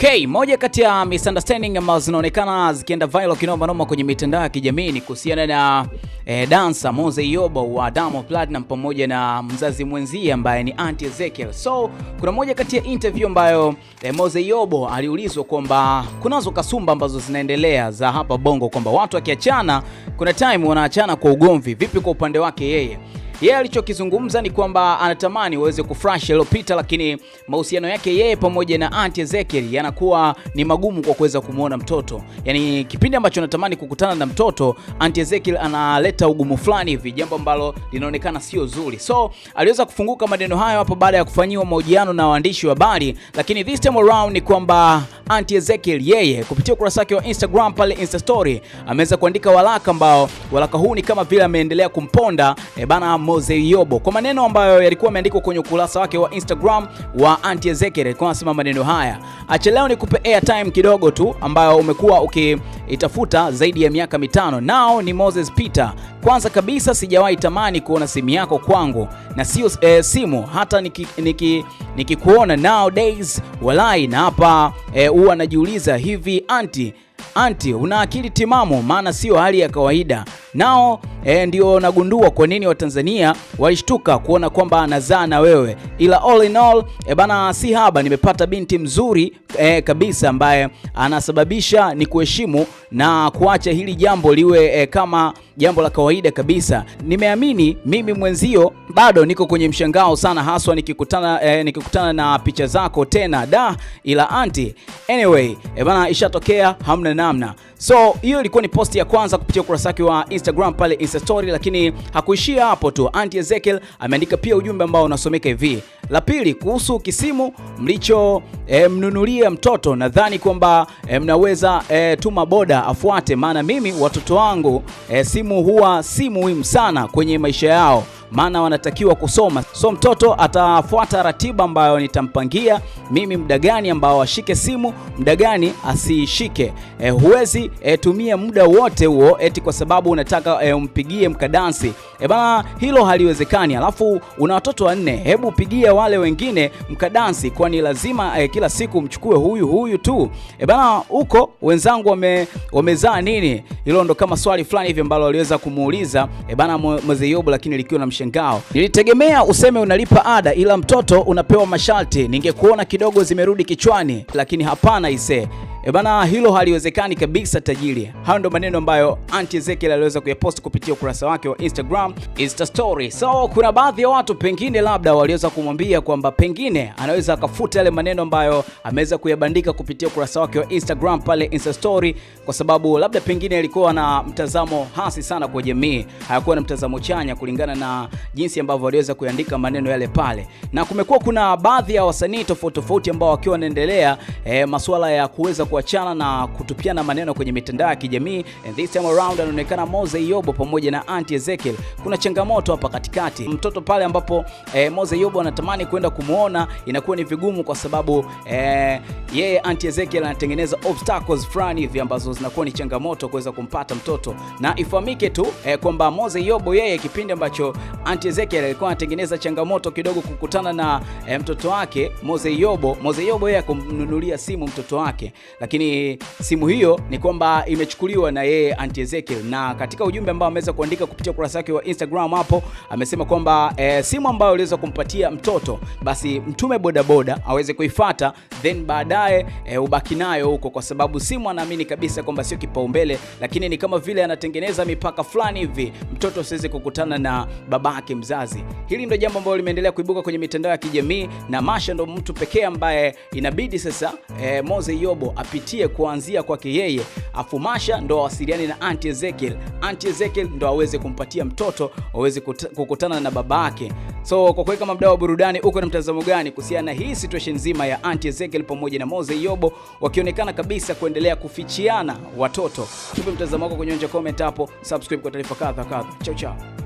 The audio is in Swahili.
Okay, moja kati ya misunderstanding ambazo zinaonekana zikienda viral kinoma noma kwenye mitandao ya kijamii ni kuhusiana na eh, dansa Mose yobo wa Diamond Platinum pamoja na mzazi mwenzie ambaye ni Auntie Ezekiel. So, kuna moja kati ya interview ambayo eh, Moze Yobo aliulizwa kwamba kunazo kasumba ambazo zinaendelea za hapa Bongo kwamba watu wakiachana kuna time wanaachana kwa ugomvi. Vipi kwa upande wake yeye? yeye yeah, alichokizungumza ni kwamba anatamani waweze kufresh yaliyopita, lakini mahusiano yake yeye pamoja na Auntie Zekeri yanakuwa ni magumu kwa kuweza kumwona mtoto. Yani kipindi ambacho anatamani kukutana na mtoto, Auntie Zekeri analeta ugumu fulani hivi, jambo ambalo linaonekana sio zuri. So aliweza kufunguka maneno hayo hapo baada ya kufanyiwa mahojiano na waandishi wa habari, lakini this time around ni kwamba Auntie Ezekiel yeye kupitia ukurasa wake wa Instagram pale Insta story ameweza kuandika walaka ambao walaka huu ni kama vile ameendelea kumponda e bana Mose Yobo kwa maneno ambayo yalikuwa yameandikwa kwenye ukurasa wake wa Instagram wa Aunt Ezekiel, kwa anasema maneno haya, acha leo nikupe airtime kidogo tu ambayo umekuwa ukiitafuta zaidi ya miaka mitano. Nao ni Moses Peter. Kwanza kabisa sijawahi tamani kuona simu yako kwangu na sio eh, simu hata nikikuona niki, niki nowadays walai na hapa eh, huwa eh, najiuliza hivi anti anti, una akili timamu, maana sio hali ya kawaida. Nao e, ndio nagundua kwa nini Watanzania walishtuka kuona kwamba anazaa na wewe, ila all in all e, bana, si haba, nimepata binti mzuri e, kabisa ambaye anasababisha ni kuheshimu na kuacha hili jambo liwe e, kama jambo la kawaida kabisa. Nimeamini mimi mwenzio bado niko kwenye mshangao sana, haswa nikikutana eh, nikikutana na picha zako tena da, ila anti, anyway eh bana, ishatokea hamna namna. So hiyo ilikuwa ni posti ya kwanza kupitia ukurasa wake wa Instagram pale Insta story, lakini hakuishia hapo tu. Anti Ezekiel ameandika pia ujumbe ambao unasomeka hivi la pili kuhusu kisimu mlichomnunulia eh, e, mtoto, nadhani kwamba e, mnaweza e, tuma boda afuate, maana mimi watoto wangu e, simu huwa si muhimu sana kwenye maisha yao maana wanatakiwa kusoma. So mtoto atafuata ratiba ambayo nitampangia mimi, muda gani ambao ashike simu, muda gani asishike. E, eh, huwezi e, eh, tumia muda wote huo eti kwa sababu unataka e, umpigie mkadansi e, bana, hilo haliwezekani. Alafu una watoto wanne, hebu pigia wale wengine mkadansi, kwani lazima e, kila siku mchukue huyu huyu tu e, bana, huko wenzangu wame, wamezaa nini? Hilo ndo kama swali fulani hivi ambalo aliweza kumuuliza e, bana Mzee Yobu, lakini likiwa na mshengao. Nilitegemea useme unalipa ada ila mtoto unapewa masharti, ningekuona kidogo zimerudi kichwani, lakini hapana ise E bana, hilo haliwezekani kabisa tajiri. Hayo ndo maneno ambayo Aunt Ezekiel aliweza kuyapost kupitia ukurasa wake wa Instagram Insta story. So kuna baadhi ya watu pengine labda waliweza kumwambia kwamba pengine anaweza akafuta yale maneno ambayo ameweza kuyabandika kupitia ukurasa wake wa Instagram pale Insta story, kwa sababu labda pengine alikuwa na mtazamo hasi sana kwa jamii, hayakuwa na mtazamo chanya kulingana na jinsi ambavyo aliweza kuandika maneno yale pale, na kumekuwa kuna baadhi ya wasanii tofauti tofauti ambao wakiwa wanaendelea eh, masuala ya kuweza ku kuachana na kutupiana maneno kwenye mitandao ya kijamii and this time around anaonekana Mose Yobo pamoja na Aunt Ezekiel. Kuna changamoto hapa katikati, mtoto pale ambapo eh, Mose Yobo anatamani kwenda kumuona inakuwa ni vigumu kwa sababu eh, yeye Aunt Ezekiel anatengeneza obstacles fulani hivi ambazo zinakuwa ni changamoto kuweza kumpata mtoto, na ifahamike tu eh, kwamba Mose Yobo yeye kipindi ambacho Aunt Ezekiel alikuwa anatengeneza changamoto kidogo kukutana na eh, mtoto wake Mose Yobo, Mose Yobo yeye akumnunulia simu mtoto wake lakini simu hiyo ni kwamba imechukuliwa na yeye anti Ezekiel, na katika ujumbe ambao ameweza kuandika kupitia ukurasa wake wa Instagram hapo amesema kwamba e, simu ambayo aliweza kumpatia mtoto basi mtume bodaboda aweze kuifata, then baadaye e, ubaki nayo huko, kwa sababu simu anaamini kabisa kwamba sio kipaumbele, lakini ni kama vile anatengeneza mipaka fulani hivi mtoto asiweze kukutana na babake mzazi. Hili ndio jambo ambalo limeendelea kuibuka kwenye mitandao ya kijamii na Masha ndo mtu pekee ambaye inabidi sasa e, eh, Moze Yobo apitie kuanzia kwake yeye, afumasha ndo awasiliane na anti Ezekiel. anti Ezekiel ndo aweze kumpatia mtoto aweze kukutana na baba yake. So kwa kweli, kama mdau wa burudani, uko na mtazamo gani kuhusiana na hii situation nzima ya anti Ezekiel pamoja na Mose Yobo wakionekana kabisa kuendelea kufichiana watoto? Tupe mtazamo wako kwenye comment hapo, subscribe kwa taarifa kadha kadha. Chao chao.